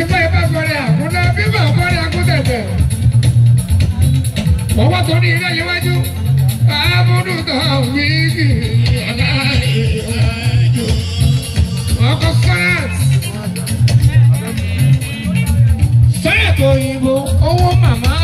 ìfẹ́ ìfẹ́ kọrin àkúnná bíbá kọrin àkúntẹ̀tẹ̀. ọwọ́ tó ní ilé níwájú àmúdùtọ̀ wíìgì ọ̀la ìwájú. ọkọ̀ science. science òyìnbó owó màmá.